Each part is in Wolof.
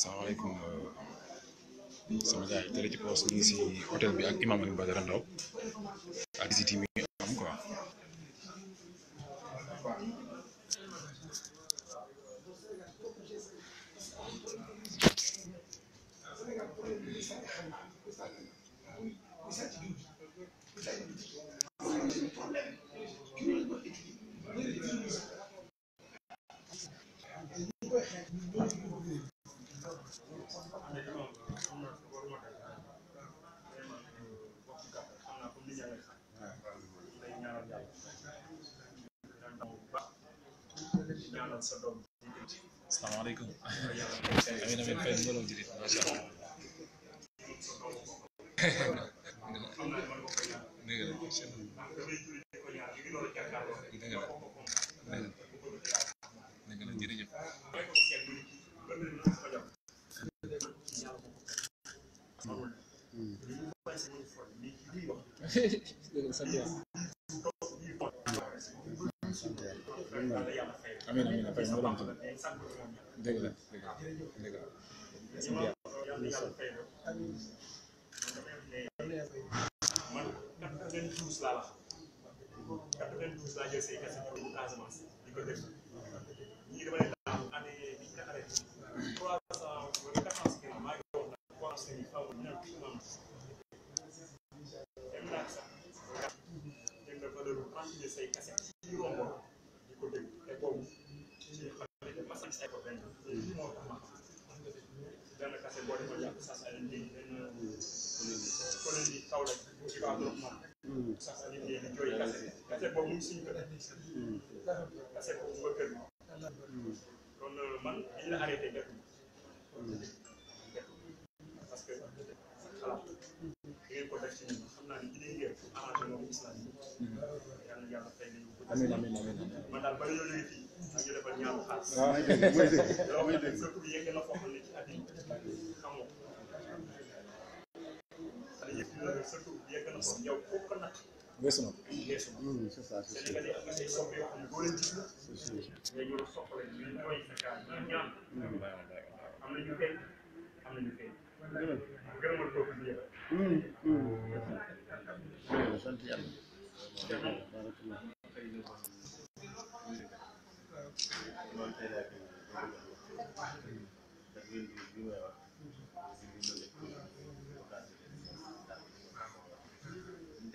salaamaaleykum euh, sama gars yi télé ci ngi si hôtel bi ak imam Alioune Badara Ndao ak visite mi am quoi sa doom asalaamaaleykum amin amin fay mbooloo jurit macha allah dëgg la dëgg la dëgg la jërëjëf sant yàlla amiin amiin affaire yi moom la dëgg la dëgg la dëgg la. man 92 laa la xam 92 laa jël say kese ñëw Casamance di ko def. taw lañ ci waa groupement. sax ñu ngi leen di jooy kase kase boobu mu ngi suñu kër. kase boobu nga kër. kon man dañu la arrêté def. parce que xalaat ngeen ko def ci ñun xam naa ne dinañ ngeen arrangé moom gis naa yàlla yàlla fay nañu ko. amiin amiin amiin man daal ba la ñu fii ak ñu defal ñaanu xaalis. waaw mooy dëgg mooy dëgg. weesu na ko. c'est ça c'est sûr. sant yàlla. loolu tey laa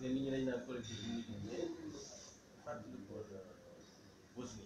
nit ñi dañ naan collectif bi ñu ngi mais fàttali ko was euh, ni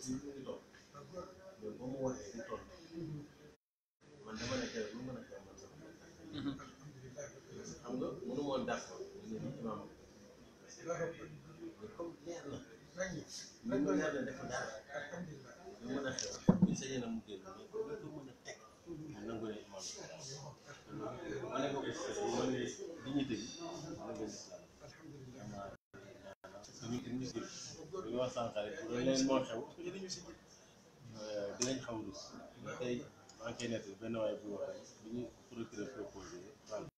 coisa. sànqal yi loolu leen moo xew dinañ xaw rus tey maa ngi koy nettali benn waay bu wax rek bi ñu procureur proposé wàllu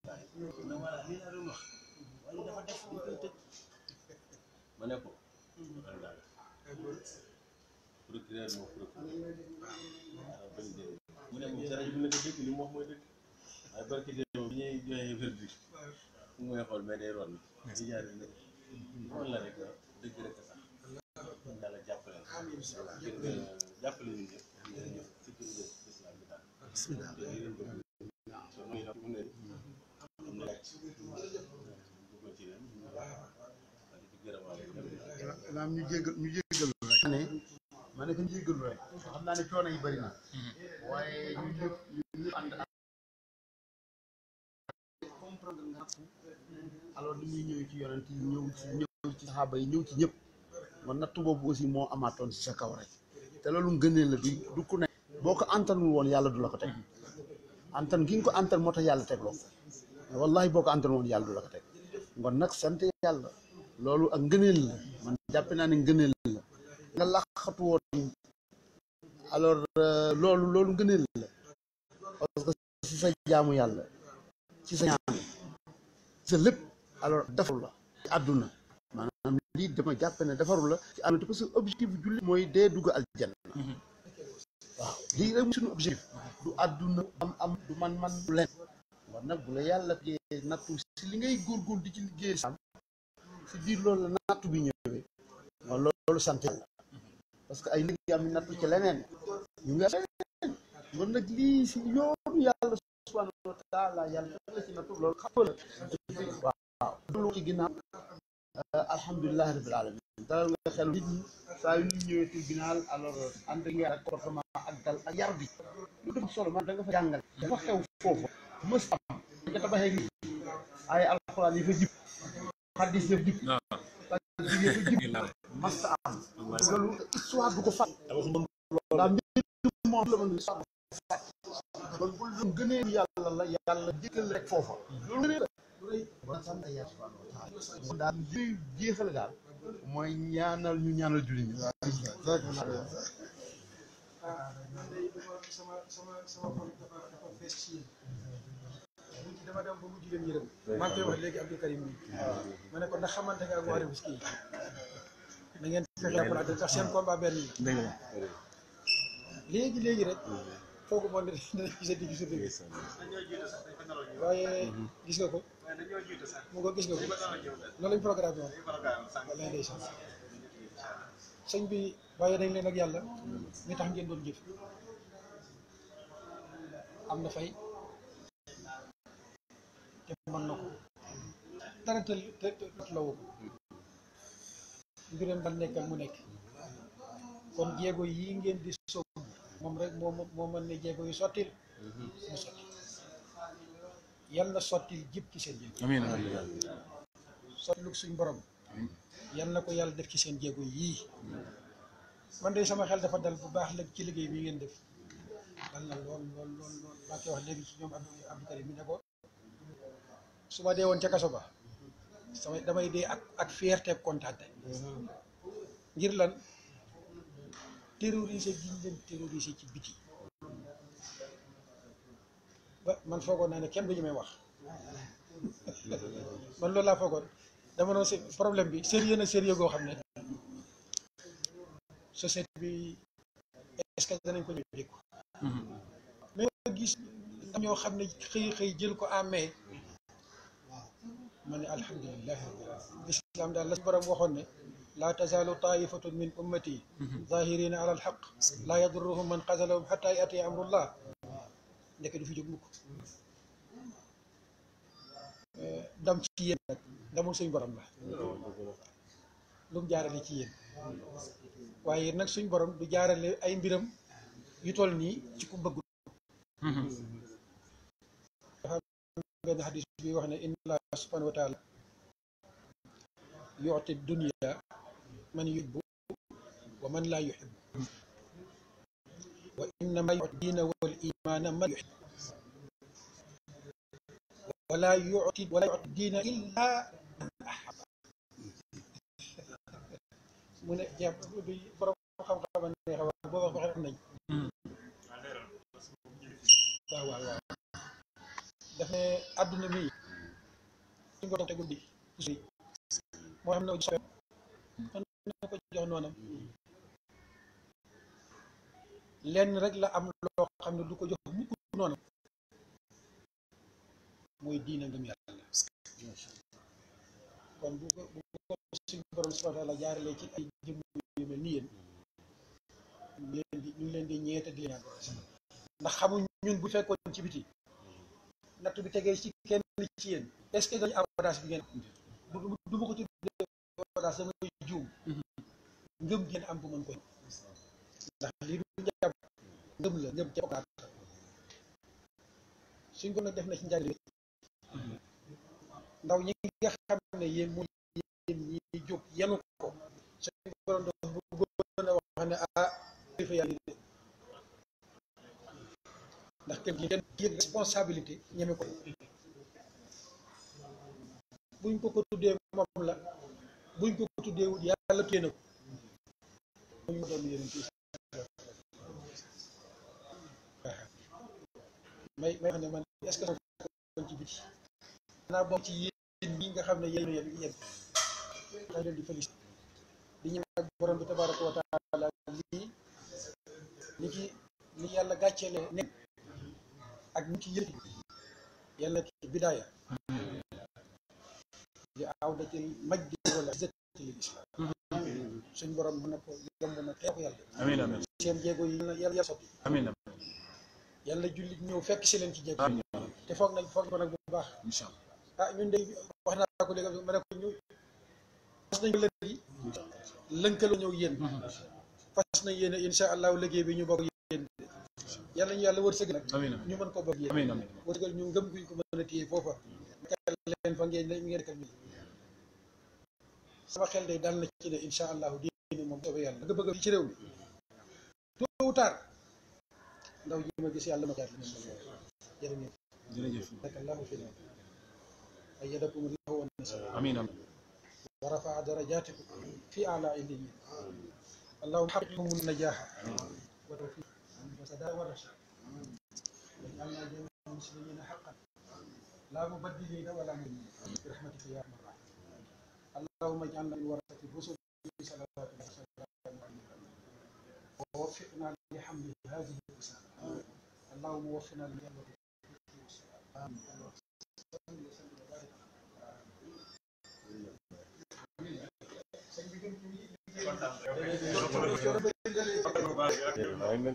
na voilà lii laa doon wax waaye dafa def ñu koy tëj ma ne ko man daal procureur moo procureur waaw bañ dee mu ne moom sara bi na ko dëgg li mu wax mooy dëgg waaye barki démb bi ñuy joxee verdict fu muy xool mais day ron ni ñi jaar ne moon la rek dëgg rek ñu yàlla jàppale jàppale ñu ñëpp jërëjëf si jërëjëf islam ñu jégal ñu rek ne ma ne ko ñu rek ne coono yi bëri na waaye ñu ñëpp ñu ci yonent yi ñëw ci ñëw ci saxaaba yi ñëw ci ñëpp man nattu boobu aussi moo amaatoon si sa kaw rek te loolu ngëneel la du ku ne boo ko woon yàlla du la ko teg antan gi ko antan moo tax yàlla teg loo ko wallahi boo ko la ko teg nag sant yàlla loolu ak ngëneel la man jàppe naa ne ngëneel la nga laqatu woon alors euh, loolu loolu ngëneel la parce que si sa jaamu yàlla ci sa ñaan sa lépp alors deful la àdduna manam li dama jàpp ne defaru la ci àllante parce que objectif julli mooy dee dugg aljanna waaw li rek sunu objectif du aduna am am du man man du len war nak bula yalla yàlla natou ci li ngay gor gor di ci liggéey sam ci bir loolu la nattu bi ñëwee wa loolu sant yàlla parce que ay liggéey am natou ci lenen ñu nga leneen nak li ci si yalla subhanahu wa taala yalla la ci natou loolu xam la waaw loolu ci ginaaw الحمد لله رب العالمين دال نغا خيل نيت ني سا ني نيوي تريبينال الوغ اند نغا كورتمان اك دال اك يار بي لو دغ سول ما دغ فا جانغال دا فا خيو فوفو مس ام دا تا باهي ني اي القران يفا جيب حديث يفا جيب مس ام لو سوا دوكو فا دا واخ مون لا مي مون لا مون سا بول بول غنيم يالا لا يالا ديكل ريك فوفو لو ني ba sant yàlla subhanahu wa daal mooy ñaanal ñu ñaanal jullit ñi ah man day dama sama sama sama xol maa koy wax léegi Abdou Karim bi ma ne ko ndax nga ak na ngeen fexe jàppalante ndax seen léegi léegi rek foogu moom dina gise waaye gis nga ko mu ko gis nga ko noonu bi waaye dañ leen ak yàlla mi ngeen doon jëf am na fay te mën na ko dara te lot la ba nekkal mu nekk kon jéego yi ngeen di soog moom rek moo moo mën ne jéego yu sottil sotti yal na sottil jëpp ci seen jéego amiin sottilug suñ borom yal na ko yàlla def ci seen jéego yii man de sama xel dafa dal bu baax léegi ci liggéey bi ngeen def dal na lool lool lool lool maa koy wax léegi ci ñoom Abdou Abdou Karim mi ne ko su ma dee woon ca kaso ba sama damay dee ak ak fierté kontaante ngir lan terroriser gi ñu leen terroriser ci biti man foogoon naa ne kenn du ñu may wax man loolu laa foogoon dama doon problème bi sérieux na sérieux goo xam ne société bi est danañ ko ñëw dékku mais gis ñoo xam ne xëy xëy jël ko amee ma ne alhamdulilah islam daal la borom waxoon ne لا تزال طائفة من أمتي ظاهرين على الحق لا يضرهم من قتلهم حتى يأتي أمر الله nekk du fi jóg mukk dam ci yéen nag damul suñ borom la lu mu jaarale ci yéen waaye nag suñ borom du jaarale ay mbiram yu toll nii ci ku bëgg dafa benn xadis bi wax ne inna allah subhanahu wa taala yuti dunia من يحب ومن لا يحب وإنما يعطي الدين والإيمان من يحب ولا يعطي ولا يعطي الدين إلا من أحب من أجاب خم خم أدنى مي، تقول تقول دي، مهم نوجد شباب، noonam lenn rek la am loo xam ne du ko jox mukk noonam mooy diina ngëm yàlla kon bu ko bu ko suñu borom subhanahu ci ay jëmm yu mel ni yéen ñu leen leen di ñeete di leen ndax ñun bu fekkoon ci biti natt bi tegee ci kenn ci yéen est-ce que dañu am audace bi ngeen du ma ko tuddee audace dama ngëm ngeen am bu mën ko ndax li du japp ngëm la ngëm ca bokkaat suñ ko def na ci njàng ndaw ñi nga xamne yeen mu yeen ñi jox yanu ko suñ ko do bu a wax ne ah kilifa yaa ndax kenn gi gën gën responsabilité ñeme ko buñ ko ko tuddé mom la buñ ko ko tuddé wut yalla téna ko mu doon yéen ci may may wax ne man est ci biti naa bokk ci yéen ñi nga xam ne yéen yéen yéen dañ leen di félicité di ñu ak borom bi tabaraka wa taala lii li ci yàlla gàcceele nekk ak ñi ci yëti yàlla ci bidaaya di aw datil majdi wala zëtil islam suñ borom mën na ko yomb na teeku yàlla. amiin amiin seen jéego yi yàlla yàlla sotti. amiin amiin yàlla jullit ñëw fekk si leen ci jéego. te foog nañ foog nañ bu baax. incha allah ah ñun de wax naa ko léegi ma ne ko ñu fas nañu lëkkali lëkkaloo ñëw yéen. fas nañ yéen incha allahu liggéey bi ñu bokk yéen. yàlla ñu yàlla wërsëgal nag ñu mën ko bokk yéen. wërsëgal ñu ngëm guñ ko mën a téye foofa. leen fa ngeen ngeen sama xel day dal na ci de incha allahu diine moom soobee yàlla bëgg bëgg ci réew mi tôt ou tard ndaw ji ma gis yàlla ma jaar li moom jërëjëf jërëjëf rek allahu fi naan ayyadakum allahu wa nasara amin amin ورفع درجاتكم في أعلى عليين اللهم حققهم النجاح والتوفيق والسداد والرشاد واجعلنا جميع المسلمين حقا لا مبدلين ولا مبدلين برحمتك يا اللهم اجعلنا من ورثة الرسل بصلوات ووفقنا لحمل هذه الرسالة اللهم وفقنا لحمل آمين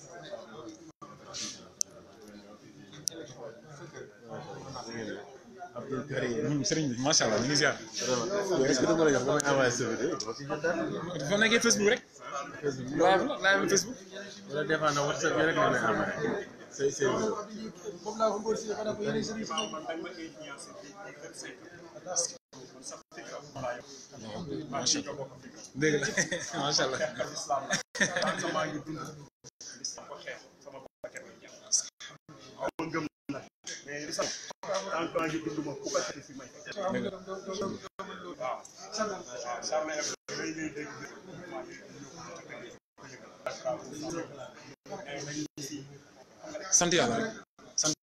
sëriñ bi macha allah ñu ngi ziar. vraiment est-ce que da nga a jox damay envoyé sa vidéo. Facebook rek. Facebook live la WhatsApp yi rek la may envoyé. say say vidéo. dëgg temps yi gisuma ku ko xëy si may. sant yàlla rek sant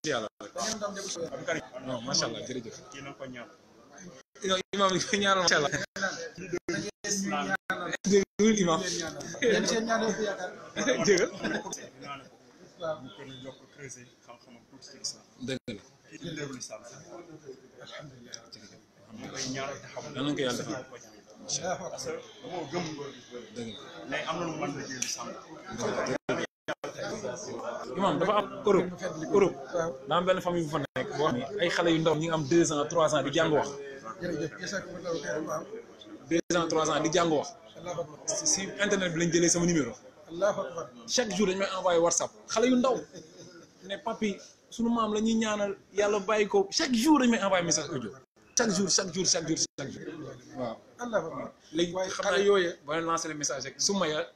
leeru lislaam sax alhamdulilah yàlla na ko yàlla moo gëm mais am dafa am Europe Europe daa am benn famille bu fa nekk boo xam ne ay xale yu ndaw ñi nga am deux ans trois ans di jàng wax deux ans trois ans di jàng wax si internet bi lañ jëlee sama numéro chaque jour dañ may envoyé whatsapp xale yu ndaw ne papi sunu maam la ñuy ñaanal yàlla bàyyi ko chaque jour dañ may envoyé message audio chaque jour chaque jour chaque jour chaque jour waaw. alhamdulilah léegi xam naa yooye boo leen lancé le message su ma ya.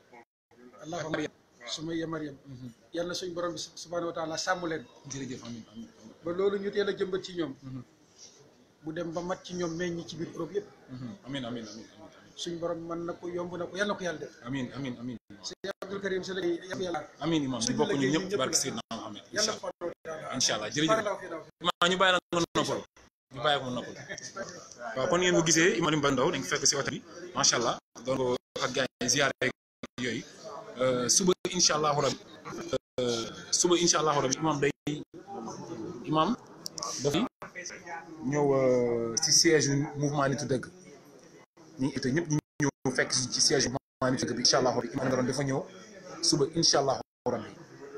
alhamdulilah su ma ya Mariam. Mhm. yal na suñ borom bi subhaanahu wa taala sàmm leen. jërëjëf amiin amiin ba loolu ñu teel a jëmbat ci ñoom. bu mhm. dem ba mat ci ñoom meññ ci biir Europe yëpp. Mhm. amiin amiin suñ borom man na ko yomb na ko yal na ko yàlla def. amiin amiin amiin. sëñ Abdul Karim si la yàlla. amiin imam di bokk ñun ñëpp barke Seydina Mohamed incha allah jërëjëf ma ñu bàyyi nga noppal ñu bàyyi ko mu noppal kon ngeen ko gisee imam Iba Ndaw dañ fekk si oto bi macha allah ko ak euh, suba euh, suba imam day imam dafay ñëw euh, si siège mouvement nitu dëgg ñu ngi ñëpp ñu ñëw fekk si siège mouvement nitu dëgg bi incha allahu rabi imam dafa ñëw suba incha allahu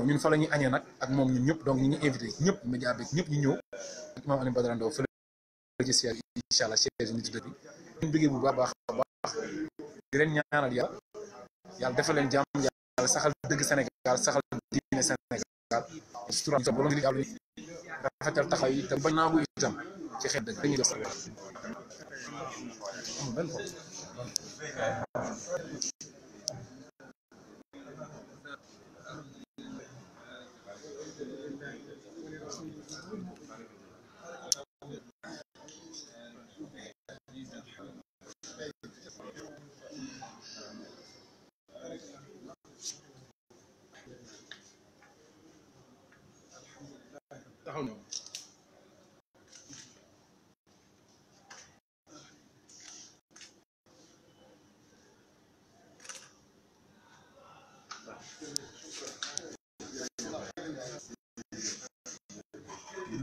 ñun fa la ñuy añee nag ak moom ñun ñëpp donc ñu ngi invité ñëpp média beeg ñëpp ñu ñëw ak maam Alioune Badara Ndao fële ci siège incha allah siège nit dëkk bi ñun bëggee bu baax a baax di leen ñaanal yàlla yàlla defal leen jàmm yàlla saxal dëgg Sénégal saxal diine Sénégal sutura ñu borom di yàlla rafetal taxaw yi te bañ naa ko itam ci xeet dëgg dañuy def hold on.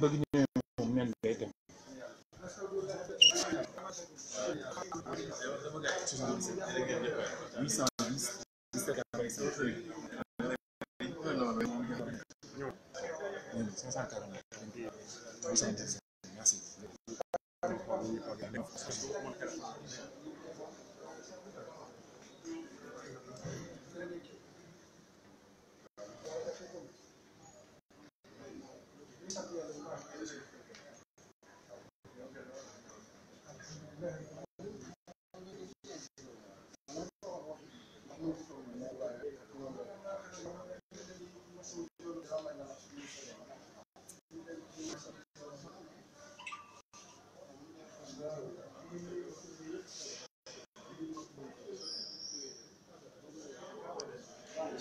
bëgg ñu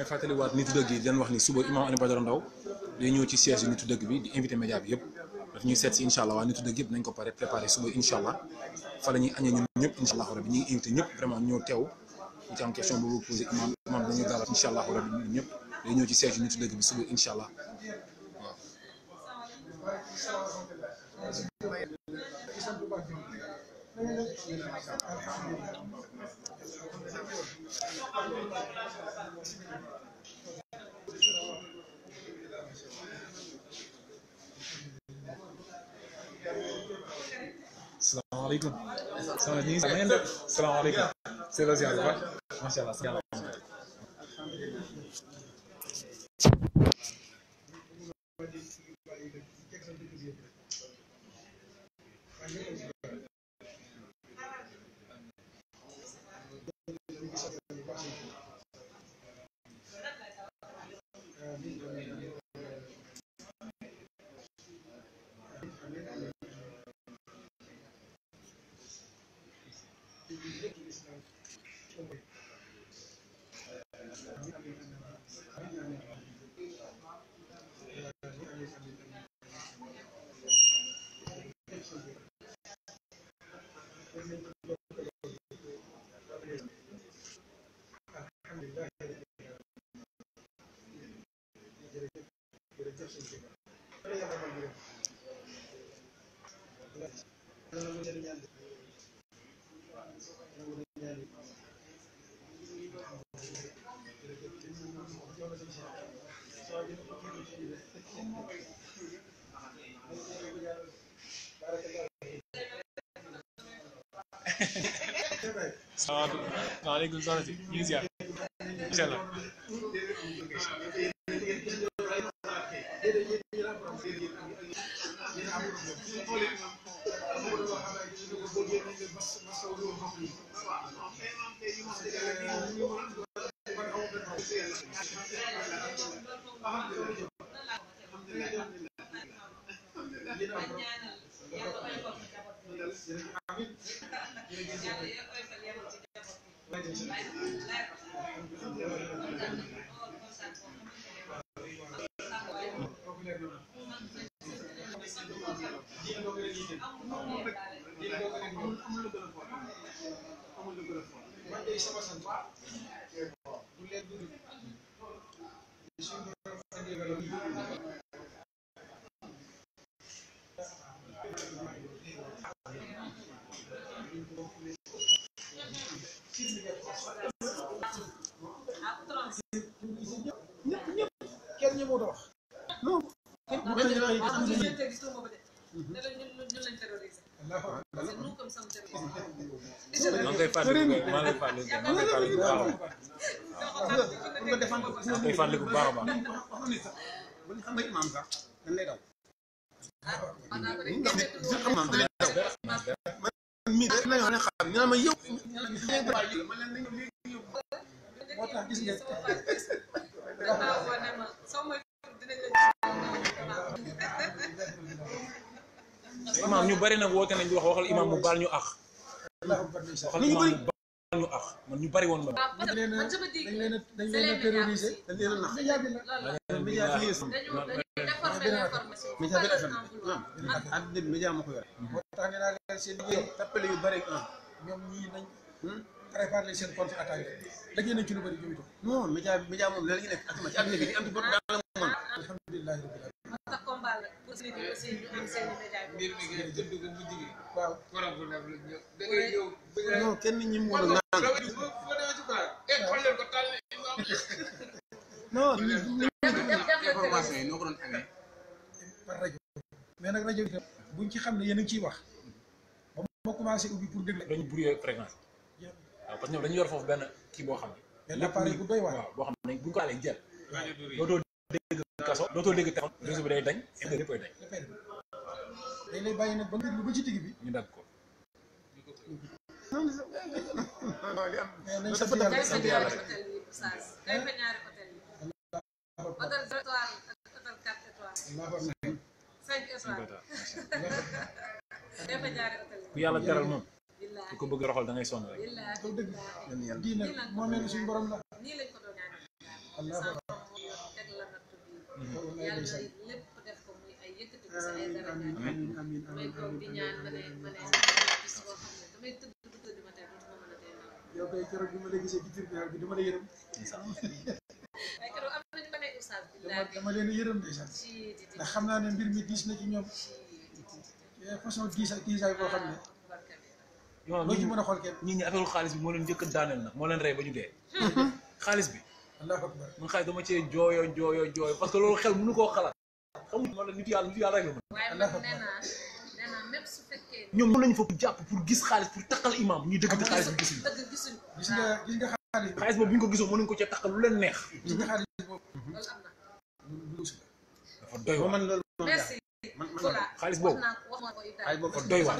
fatali wat nitu deug yi dañ wax ni suba imam ali Badara ndaw day ñëw ci siège nitu deug bi di inviter média bi yépp daf ñuy seet ci inshallah wa nitu deug yépp nañ ko paré préparer suba inshallah fa lañuy agné ñun ñëpp inshallah allah rabi ñu ngi invité ñëpp vraiment ñoo teew ci am question bu boobu poser imam imam dañuy dal inshallah allah rabi ñun ñëpp day ñëw ci siège nitu deug bi suba inshallah allah waaw. Selamun Aleyküm. Sonra deyin sana yine Selamun Aleyküm. É Selam ziyaret var. Maşallah. Selam. Thank you. Sağ olun. Aleyküm selam. İyiyiz ya. İnşallah. amul lu gën Rodrigo Barba. teel a nax. média bi yéesu. média bi FM àddina bi média moo ko yore. Mm-hmm. moo tax nga daal seen liggéey tappale yu bëri ah ñoom ñii nañ. Hmm? préparé seen contre attaque liggéey nañ ci lu bëri jëm itam. non média bi média moom la ñu nekk ak ci àddina bi di am ci bopp daal la mu mën. alhamdulilah rabbil alamin. waaw. non kenn ñi mu woon naan. non information yi noo ko doon mais nag rajo buñ ci xam ne yéen a ciy wax ba ma ubbi pour déglu dañu brouillé fréquence waaw yor foofu benn kii boo xam ne benn appareil bu boo xam ne buñ ko laalee jël dootoo dégg kaso dootoo dégg téléphone réseau bi day dañ lépp day dañ bàyyi nag ba déglu ba ci digg bi ñu dagg ko non li am nañ sant sant yàlla Hôtel étoiles, hôtel 4 étoiles. maa fa nekk. 5 étoiles. teral moom. ku ko bëgg roxal da ngay sonn rek. dii di ñaan oustaz dama dama leen a yërëm ndeysaan ndax xam naa ne mbir mi diis na ci ñoom eh, façon diis ak diisaay boo xam ne. loo ah, ci mën a xool kenn. ñii ñi affaire xaalis bi moo leen njëkk daaneel moo leen ba ñu dee. xaalis bi. allahu akbar man xaalis dama cee jooyoo jooyoo jooyoo parce que loolu xel mënu koo xalaat. xamuñu ma yàlla nit yàlla rek la mën. ñoom mën nañu fa jàpp pour gis xaalis pour takkal imaam ñuy dëgg xaalis bi gis nga xaalis boobu bu ñu ko gisoo mënuñ ko ca tax lu leen neex. dafa doy waar man loolu man xaalis boobu dafa doy waar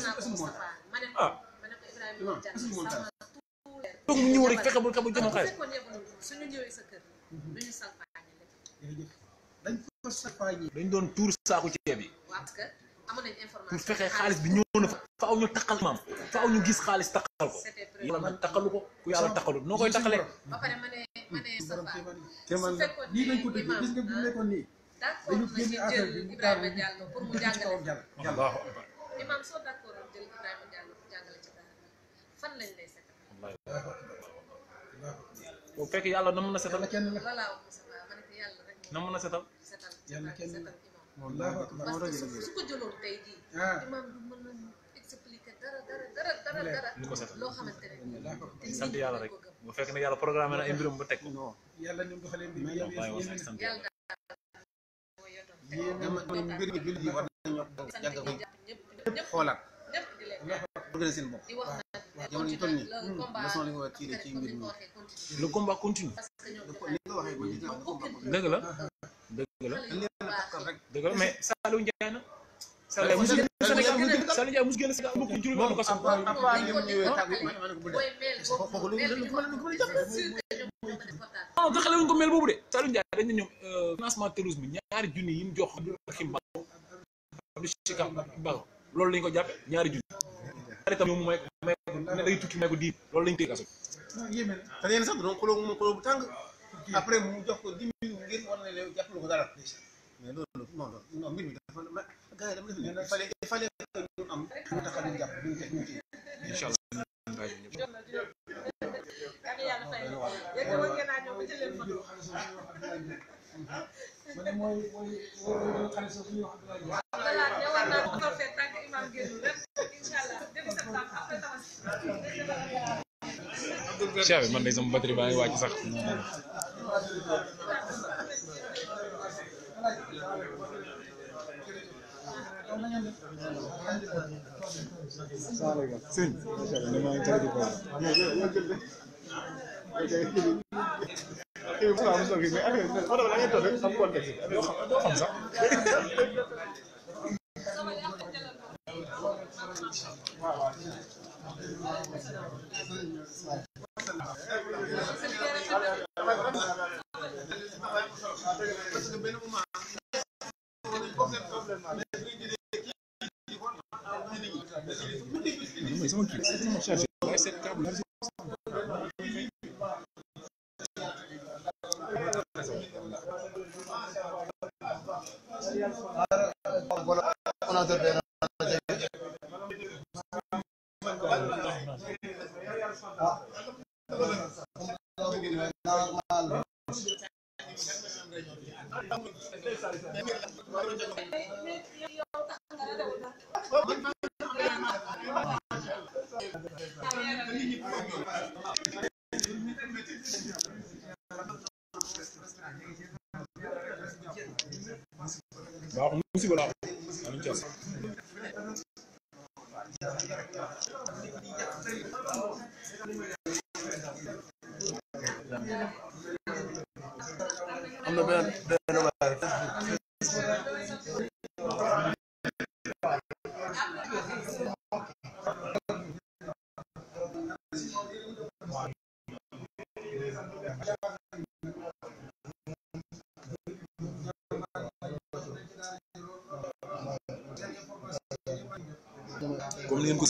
ah. toog mu ñëw rek fexe bu ko jox ma xaalis. dañ doon tuur saaku ceeb yi pour fexe xaalis bi ñëw. faaw ñu taqal maam gis xaalis taqal ko yàlla ko yàlla taqalu noo koy taqalee. ba pare ma ne ma ne Moustapha su fan lañ lay setal. yàlla na mën a setal. voilà Moustapha ma na mën a setal. su ko jëloon tey jii. Ah. dara dara dara dara dara loo xamante ne sant yàlla rek bu fekk ne yàlla programme na ay mbirum bu teg ko yàlla ni mu doxalee mbir mi yàlla yéen sant yàlla yéen mbir mi jullit yi war nañoo jàng ko ñëpp xoolaat bëgg na seen bopp waaw jamono ñu toll nii leçon li nga war a tiire ci mbir mi le combat continue li nga waxee dëgg la dëgg la dëgg la mais Saliou Ndiaye na Saliou Ndiaye mos ngeen a Sénégal mbokku juróomi am ko sax. waaw waaw waaw ñoom ñëwee ma ne ko bu dee. xale wuñ mel boobu de Saliou dañ ne ñoom financement terrorisme ñaari junni yi mu jox Abdourahim Baro Abdou Baro loolu lañ ko jàppe ñaari junni. ñaari tam ñoom may may ne day tukki may ko diib loolu lañ téye kaso. te nee na sax dina jox ko dix mais loolu non non mbir mi dafa ma gars yi dama def il fallait il fallait que ñu am ñu tax a ñu jàpp ñu teg ñu ci incha allah man mooy mooy mooy xale sax suñu wax dëgg yàlla. voilà yow war naa ko toppee tànk imam génn lépp incha allah dégg nga tam après tamit. chef bi man de sama batterie baa ngi wàcc sax. salaamaaleykum. sëñ.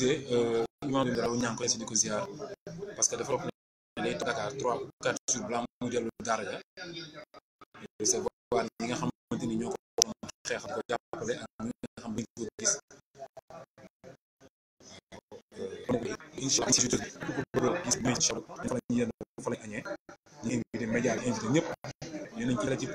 gisee imaam bi dara ñaan ko si di ko ziar parce que dafa ne day Dakar trois quatre jours balaa muy dellu daara ja recevoir ñi nga xamante ni ñoo ko xeexal ko jàppale ak ñi nga xam ne ñu fa lañ añee ñu invité média yi ci la ci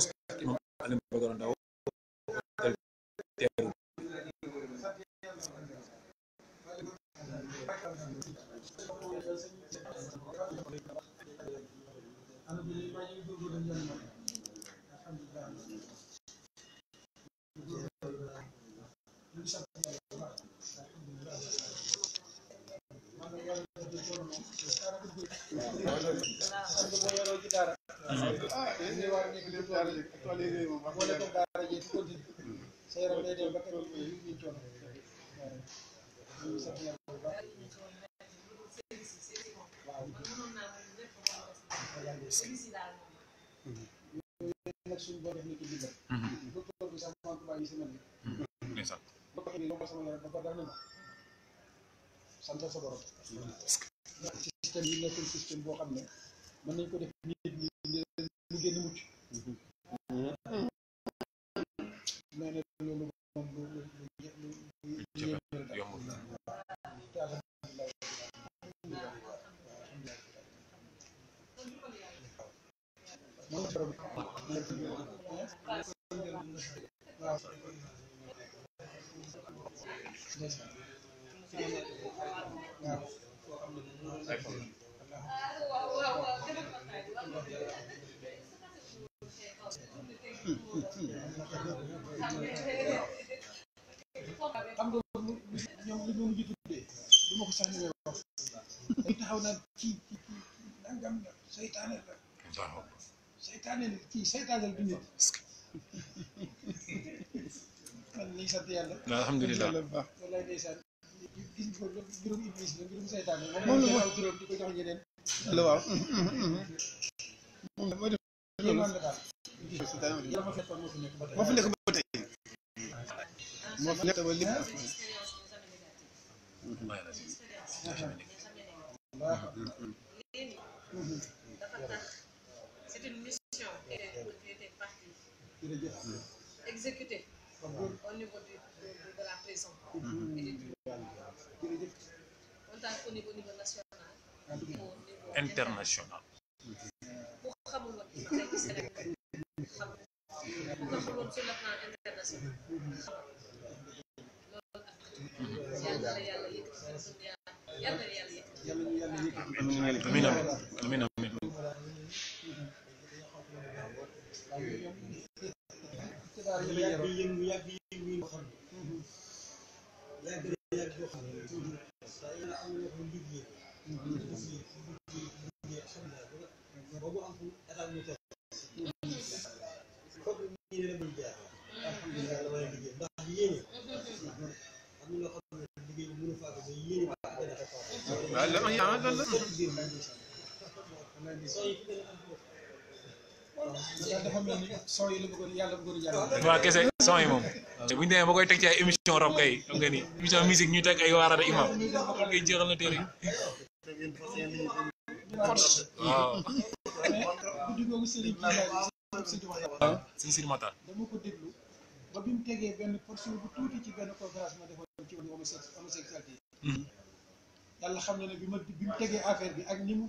boo xam ne mën ko def ne kii saytaanal du nit. man dañuy sant yàlla. alhamdulilah walaay ndeysaan. gis nga ko mbirum iblis la mbirum saytaan la moom la moo turam di ko jox ñeneen. la waaw. moom moo def loolu yàlla ma fekkoon moo fi nekk ba tey. moo fi nekk ba tey. moo fi nekk ba lépp. waaw. Mm-hmm. c'est une mission. exécuté au niveau de, la prison niveau, national, international. yàgg yëngu yàgg yëngu yoo xam ne yàgg na yàgg yoo xam ne yàlla am na ko liggéey liggéey liggéey xam naa ko ba mu am état mu toog foog ñu ne muy jaar alhamdulilah dama lay liggéey ndax yéene am na loo xam ne liggéey mënu faa ko mais yéene waa gën a waaw dafa mel ni son yi la bëggoon yàlla bëggoon jàll. waaw kese son moom. te bu ñu demee ba koy teg ci ay émission rab kay xam nga ni émission musique ñu teg ay waarada imam kon ngay jeexal dama ko déglu ba bi mu tegee benn portion bu tuuti ci benn conférence ma defoon ci homosexualité hmm. yàlla xam na ne bi ma bi mu tegee affaire bi ak ni mu.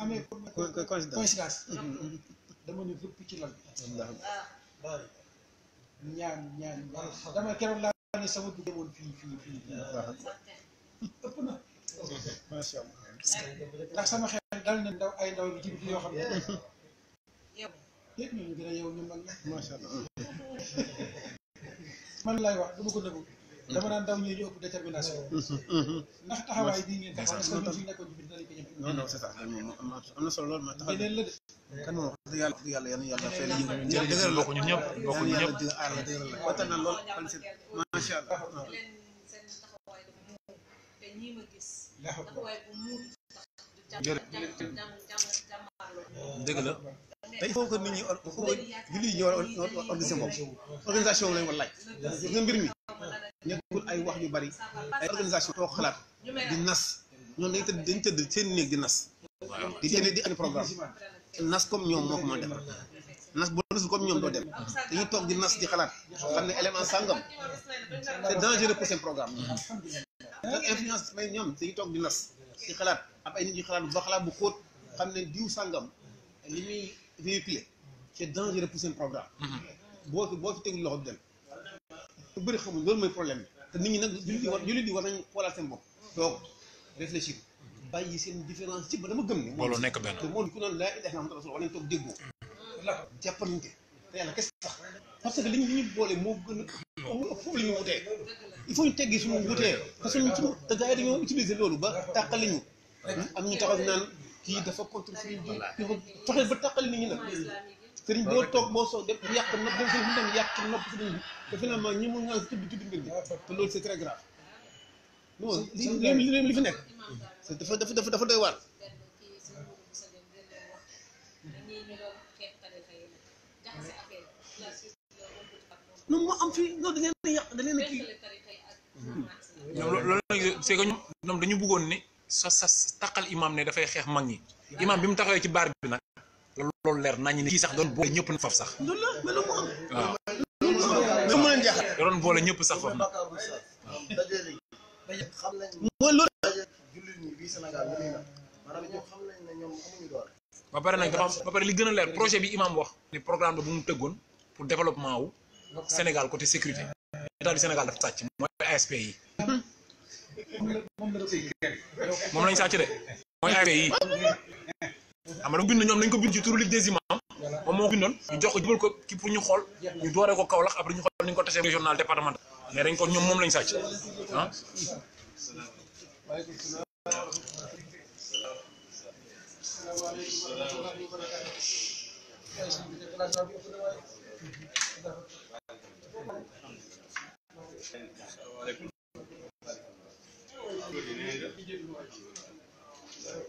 amee mmh. coïncidence mmh, mmh, dama ñu rëpp ci lal bi waaw ñaan ñaan dama keroog laa ne sama dugg demoon fii fii fii ëpp na macha allah ndax sama xel dal na ndaw ay ndaw bi ci biir yoo xam ne yëpp ñooñu gën a yow ñu mag macha allah man laay wax dama ko nëbbu dama naan ndaw ñi ñu ëpp détermination. ndax ci biir ah, am na solo lool ma taxaw leen la de. kan moom wax dëgg yàlla wax dëgg yàlla yàlla yàlla fay la ñu dëgëral la bokkuñu ñëpp bokkuñu ñëpp di aar na lool kon c'est macha allah dëgg la te il faut nit ñi il faut que jullit a organiser bopp organisation lañ war nga mbir mi. nekkul ay wax yu bari ay organisation toog xalaat di nas ñoom dañ tëdd dañ tëdd seen néeg di nas di tene di nas comme ñoom moo ko nas boo nasul comme ñoom doo dem dañuy toog di nas di xalaat xam ne élément sàngam c'est dangereux pour seen programme ndax influence ñoom dañuy toog di nas di xalaat am ay nit ñu xalaat ba xalaat bu xóot xam ne diw sàngam li muy véhiculer c'est dangereux pour seen programme mhm. boo fi boo fi teg loxo bu dem ñu bëri xamuñ loolu mooy problème bi te nit ñi nag jullit yi war jullit yi war nañ xoolaat seen bopp toog réfléchir bàyyi seen différence ci ba dama gëm ne loolu nekk benn te moom ku naan laa ilaaha illallaah rasul war nañ toog déggoo la jàppalante te yàlla kese sax parce que li ñu li ñu boole moo gën a foofu li ñu wutee il faut ñu teggi suñu wutee te suñu suñu te gars yi dañoo utiliser loolu ba tàqali ñu am ñu taxaw naan kii dafa contre suñu ji dafa fexe ba tàqali nit ñi nag sëriñ boo toog boo soog def yàq nopp dem sëriñ dem yàq nopp sëriñ bi te finalement ñi mu naan tudd tudd mbir bi te loolu c'est très grave non li li li fi nekk dafa dafa dafa dafa doy waar non moo am fii non da leen a yàq da leen a kii loolu nag c'est que ñoom dañu bëggoon ne sa sa taqal imam ne dafay xeex mag ñi imam bi mu taxawee ci baar bi nag loolu leer nañu ne kii sax doon boole ñëpp na faf sax. waaw a jaaxal. doon boole ñëpp sax na. ba pare nag dafa am ba pare li gën a leer projet bi imam wax. ni programme la mu tëggoon pour développement wu Sénégal côté sécurité. état du Sénégal dafa sàcc mooy ASP yi. moom lañ sàcc de mooy ASP yi. xam nga bind ñoom nañ ko bind ci turu Ligue des imams moom moo ko bindoon ñu jox ko ko ki pour ñu xool ñu dooree ko Kaolack après ñu xool ni ko tasee régional départemental mais dañ ko ñoom moom lañ sàcc ah.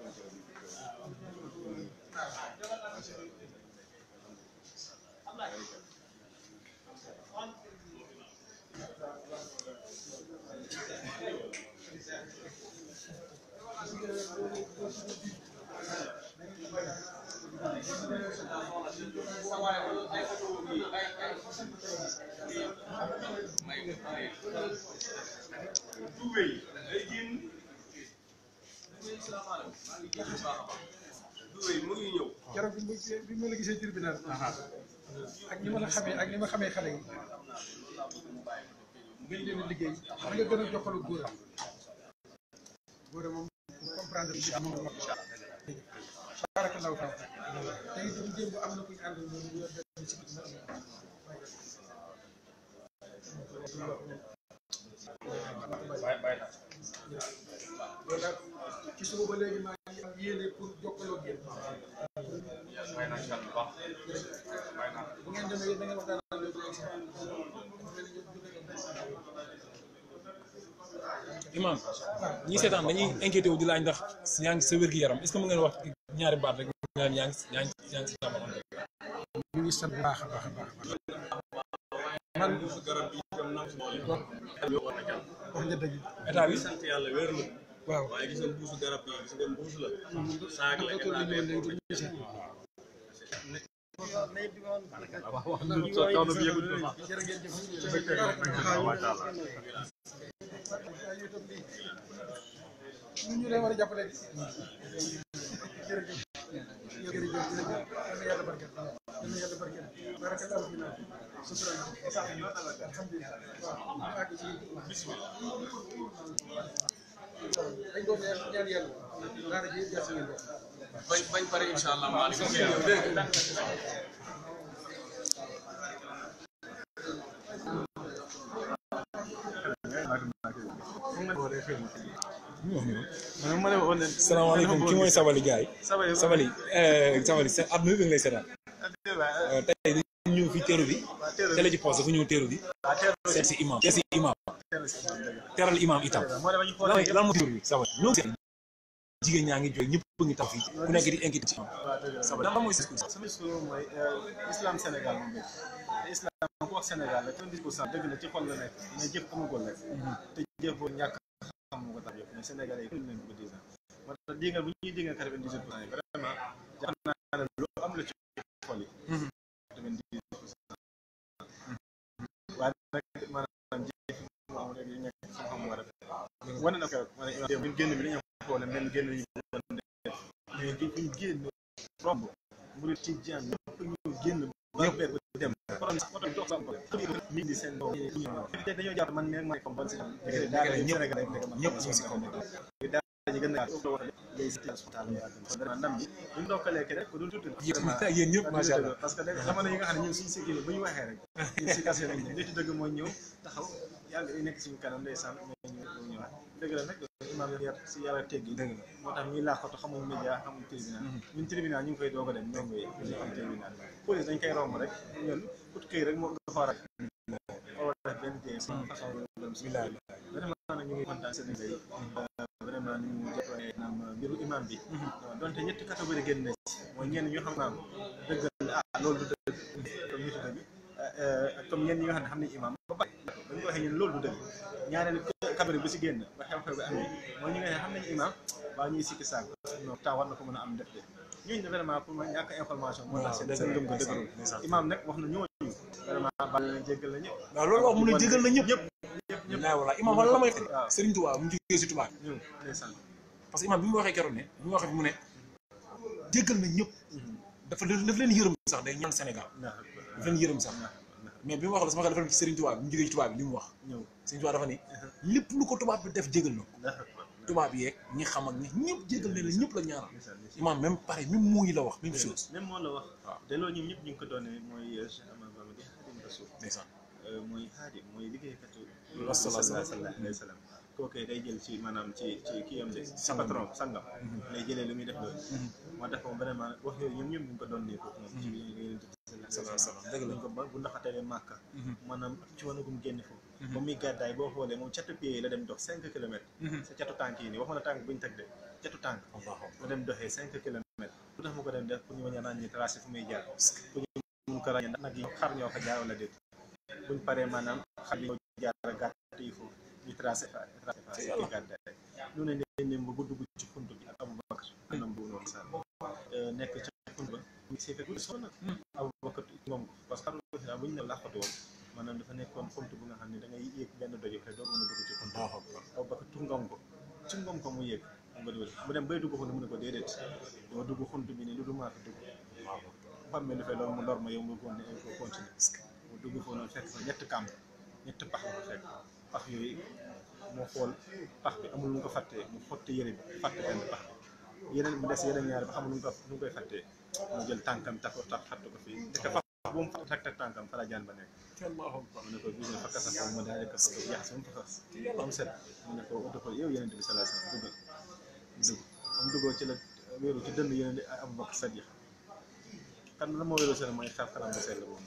keroog bi bi ma la gisee tribunal ak ni ma la xamee ak ni ma xamee xale yi ngeen leen liggéey da nga gën a joxalu góor a góor a moom comprendre bi barakallahu taala tey itam démb am na ku ñu àndal moom ñu dem ci biir loolu nag ci suba ba léegi maa ngi am yéene pour jokkaloo ak yéen may naa ci bu baax may naa bu ngeen demee da ngeen waxtaan ak imam ñi seetaan dañuy inquiété wu di laaj ndax yaa ngi sa wér gi yaram est ce que mën ngeen wax ñaari baat rek yaa ngi yaa ngi yaa si a a baax man wax nga dëgg état yàlla wér la waaw waaye gis ngeen buusu garab bi gis ngeen buus la saag la wax ñu leen war a jàppale jërëjëf jërëjëf jërëjëf yàlla barkeel yàlla barkeel baraka daal fi naan sutura alhamdulilah waaw ñu àgg ci bis bi dañ doon ñaan yàlla daara ji jàpp ngeen bañ bañ pare incha allah salaamaaleykum ki mooy Sabali gars yi Sabali Sabali eh, sa at mi ngi lay seetaan euh, tey dañu ñëw fii teeru bi teel a ci poos dafa ñëw teeru bi seet si imam seet si imam teral imam itam lan lan moo Sabali ñoo seet jigéen ñaa ngi jooy ñëpp ngi tax fii ku nekk di inquiété ci imam Sabali lan mooy sama discours mooy euh, islam Sénégal moom islam ku wax Sénégal la 30 mm-hmm. te jëf ñàkk moo ko tax yëpp mais Sénégalais yi gën nañ ko dix ans moo tax dinga bu ñuy dinga quatre-vingt-dix-sept pour cent yi vraiment jàpp naa ne lu am la ci xol yi mhm. quatre-vingt-dix pour cent waaye nag maanaam jëf mu am rek yi ñàkk xam-xam war a wane na ko rek ñun génn bi dañoo xoole mel génn ñu woon def mais ñu génn romb mu ci jaan ñëpp ñu génn ñëpp ñu si combat ñu gën a yéen ñëpp macha allah parce que jamono yi nga xam ne ñun suñu sécurité bu ñu waxee rek ñu si kase rek nit dëgg mooy ñëw taxaw yàlla nekk suñu kanam ndeysaan mais ñu ñëwaat dëgg la nag imaam yar si yàlla teggi dëgg la moo tax ñuy laaxatu xamul média xamul tribunal mm-hmm. ñun tribunal ñu ngi koy doog a dem ndongo yi ñu xam tribunal police dañ koy romb rek ñun ut këy rek moo dafa rek war a def génn na si mooy ñenn ñu xam naam dëggal ah loolu dëgg comme euh, euh, ñu ñi nga xam ne xam ne imaam ba bàyyi ba ñu waxee ñun loolu du dëgg ñaareelu kabari bi si génn ba xew-xew bi amee mooy ñu nga xam nañu imaam waa ñuy sikki saak non temps war na ko mën am def de ñooñu vraiment pour ma ñàkk information moo tax seen seen gëm ko dëgërul imaam nag wax na ñooñu vraiment loolu wax mu ne jéggal na ñëpp ñëpp ñëpp que bi mu waxee keroog ne bi mu waxee mu ne jéggal na ñëpp mhm. dafa daf leen yërëm sax day ñaan Sénégal daf leen yërëm sax mais bi mu wax la sama xel dafa dem ci Serigne Touba bi mu jógee ci tubaab bi li mu wax. ñëw Serigne dafa ne. Uh-huh. lépp lu ko tubaab bi def jégal na ko. Uh-huh. Uh-huh. tubaab yeeg ñi xam ak ñi ñëpp jégal nañ la ñëpp la ñaanal. imaam même pare même moo yi la wax même chose. même moo la loolu ñëpp ñu ngi ko doonee mooy euh, Cheikh Ahmadou Bamba euh, mooy xaadim mooy liggéeykatu. sallallahu alayhi wa sallam day jël ci maanaam ci ci kii am de. ci patron lay mm-hmm. jëlee lu muy def loolu. Mm-hmm. moo tax moom vraiment wax yooyu ñoom ñëpp ñu ngi ko doon ko sallallahu alayhi wa sallam dëgg la ko ba bu naxatee màkka mhm. maanaam gum génn foofu mhm. ba muy gàddaay boo xoolee moom catu pied yi la dem dox cinq kilomètres mhm. sa catu tànk yi nii waxuma la tànk buñu teg de catu tànk la dem doxee cinq kilomètres lu tax mu ko dem def pour ñu mën a ràññee tracé fu muy jaar pour mun ko ràññee fa jaar wala déet buñ paree maanaam xar yi ñoo jaar gàtt yi foofu ñu tracé fa tracé fa ci gàddaay lu ne ne ne ba dugg ci xunt bi ak Aboubacar anam bu noonu sa euh, nekk ci seefeet bu soxla Aboubacar moom ko parce que xam nga président bu ñu ne làqatu woon maanaam dafa nekkoon xomtu bu nga xam ne da ngay yéeg benn dojo te doo a dugg ko ci ngoom ko mu yéeg nga dugal mu dem bay dugg ne ko déedéet doo dugg xont ne lu du maa fi dugg ne dafay loolu mu lor ma ne ko continuer mu dugg foofu noonu fekk fa ñett kàmb ñett mu koy fàttee mu jël tànkam tax tax xattu ko fii te ka bu mu fa teg tànkam fa la jaan ba nekk mu ne ko bii ne fa kasam ko mu fa yax su mu set mu ne ko uddu ko yeneen bi salaa salaam duggal dugg am duggoo ci la wéeru ci dënn yeneen di Abu Bakar Sadiq xam la moo wéeru seen mooy xar xaram ba sell moom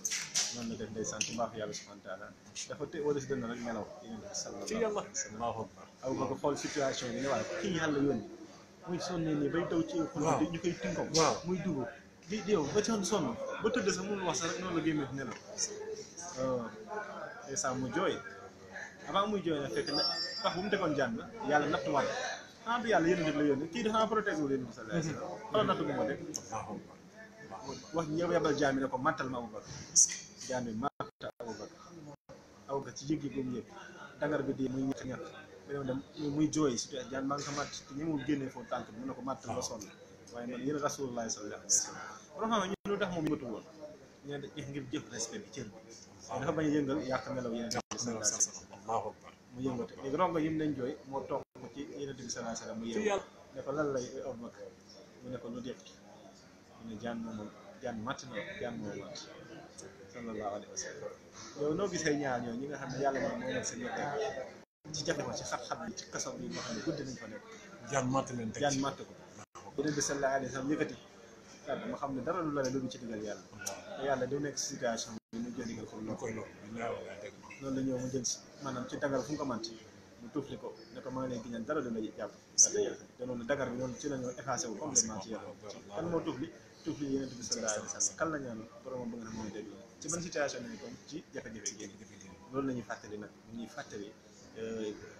noonu la def day sant mbaax yàlla subhanahu wa taala dafa té wala si dënn rek melaw yeneen ko xool situation bi ne waaye kii yàlla yónni muy sonnee nii bay daw ci. waaw ñu koy tinkom muy dugg di di ba coon sonn ba tëdd sax mënul wax sa rek noonu la gémmet ne la euh, te saa mu jooy avant muy jooy nag fekk na wax bu mu tegoon jànn yàlla nattuwaat xanaa du yàlla yéen a la yónni kii dafa am protégé wu leen. xoolal nattu bu ma def. wax ñëw yabal jaam ne ko mattal ma Abubakar jaam bi mattal Abubakar Abubakar ci yëg-yëg bu mu yëg dangar bi di muy ñett ñett. beneen dem muy jooy si jaan maa ngi ko màtt te ñemewul génnee foofu tànk bi mu ne ko màtt ba sonn waaye man yéen rasulullah sallallahu alayhi wasallam kon xam nga ñu lu tax moom mëtu woon ñu ne ngir a yëngal yàq mu yëngate léegi rongo yim nañ jooy moo toog ko ci yénente bi sallallahu alayhi ne ko lan mu ne ko lu def mu ne jaan moom jaan màtt na jaan moom màtt sallallahu alayhi wasallam yow noo gisee ñaar ñoo ñi nga xam ne yàlla moom moo nekk seen ci jafe ma ci xat-xat bi ci kasaw yi nga xam ne guddi nañ fa nekk. jaan màtt leen ko. yeneen bi sallallahu alayhi wa yëkkati kàddu ma xam ne dara lu la ne lu ci digal yàlla. te yàlla du nekk situation bi mu jël si maanaam ci dagal fu mu ko mën mu tuufli ko ne ko maa ngi leen di ñaan dara du la jàpp. te loolu dagar bi loolu ci ñuy fàttali nag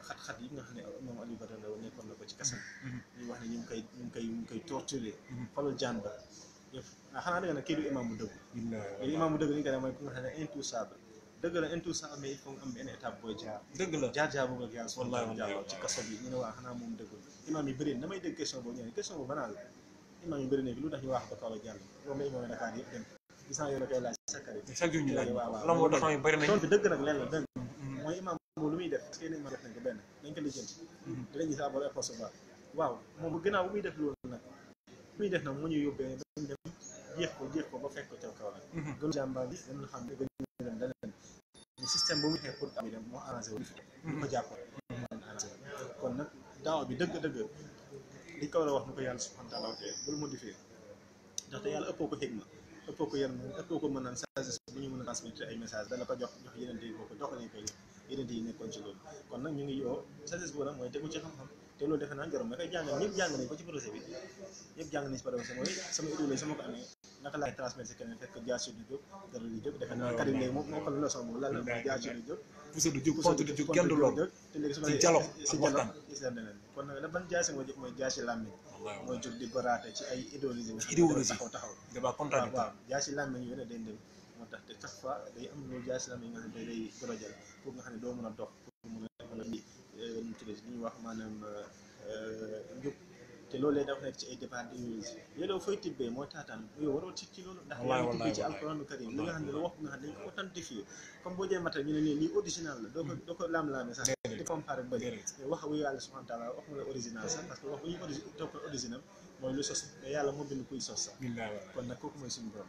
xat-xat yi nga xam ne moom Aliou Badara Ndao nekkoon na ko ci kasam mm-hmm. ñu wax ne ñu ngi koy ñu ngi koy ñu ngi koy torturer xoolal mm-hmm. jaan ba ah xanaa da nga ne kii du imaam bu dëgg léegi imaam bu dëgg li nga xam ne mooy ku nga xam ne intouchable dëgg la intouchable mais il faut nga am benn étape booy jaar dëgg la jaar jaar boobu ak yàlla soo jaaroo ci kaso bi ñu ne waa xanaa moom dëggul imaam yi bëri na damay dégg question boobu ñu ne question boobu banal la imaam yi bëri na fi lu tax ñu wax ba kaw la jàll loolu la imaam yi Dakar yëpp dem gis naa yow la koy laaj sa kër yi chaque jour ñu laaj waaw waaw tontu dëgg nag leen la dëgg mm-hmm. mooy imaam moom lu muy def parce que yéen a def nañ ko benn dañ ko lijjanti mhm. dinañ gis abal effort muy def loolu nag muy def nag mu ñu yóbbee dañ dem jeex ko jeex ko ba fekk ko ca kaw la mhm. gënu jàmbaar bi xam ne gën dem daneen système bu muy xee pour am moo arrangé wu lu mhm. ko jàppoon moo arrangé daaw bi dëgg-dëgg li kaw la wax ni ko yàlla subhanahu wa taala bul modifié ndaxte yàlla ëppoo ko xigma ëppoo ko yar ëppoo ko mën naan sagesse bu ñu mën a transmettre ay message dala ko jox jox yeneen boo ko doxalee koy unité yi nekkoon ci loolu kon nag ñu ngi yoo sagesse boobu nag mooy defe naa jorom ma koy jàng nañ ko ci projet bi ñëpp jàng nañ si projet ko amee naka laay transmettre si keneen fekk jaar si du jóg dara du jóg defe naa Karim léegi moo la mooy jaar si du jóg pousse du jóg pont du jóg kenn kon nag la ban jaasi nga jóg mooy jaasi làmmiñ mooy jóg di baraate ci ay idéologie nga waaw jaasi làmmiñ yooyu ne den dem moo tax te chaque fois day am loo jaay silam yi nga xam ne day dorojal pour nga xam ne doo mën a dox pour mën a euh, wax maanaam euh, njub te loolee dafa nekk ci ay départ d'urgence yéen fooy tibbee mooy taataan yow waroo ci loolu ndax yaa ngi nga xam ne la wax nga comme boo jee matal ñu ne lii original la doo ko doo laam-laame sax di comparé bëri wax wu yàlla subhanahu wa taala wax mu la original sax parce que wax bu ñu original mooy lu sos yàlla moo bind kuy sos sax kon nag kooku mooy suñu borom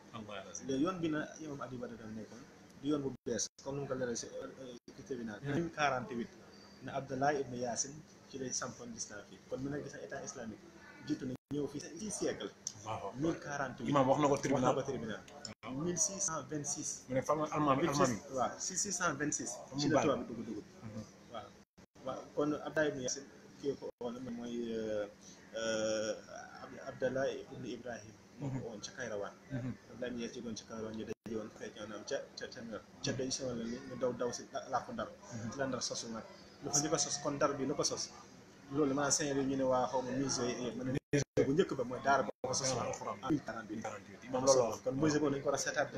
léegi yoon bi na imam Adi Ba doon nekkoon du yoon bu bees comme nu mu ko leeral si euh, ci tribunal même quarante-huit na Abdallah ibn Yaasin ci lay sampoon l'islam fii kon mën na gis état islamique jiitu na ñëw fii six siècle mille quarante-huit imam wax na ko tribunal wax na ko tribunal mille six cent vingt-six mu ne fam almaam yi almaam yi waaw six six cent vingt-six ci la tubaab bi dugg dugg mhm. waaw waaw kon Abdallah ibn Yaasin kii ko woon mooy euh, euh, abdullahi ibnu ibrahim moo ko mhm. woon ca kayrawaan abdullahi mhm. ñees jógoon ca kayrawaan ñu daje woon fekk ñoo naam ca ca terminal ca dañ sewal ni ñu daw daw si làkku ndar ci mhm. la ndar sosu nag lu ko njëkk a sos kon ndar bi lu ko sos ah, kon musée boobu ko war a seetaat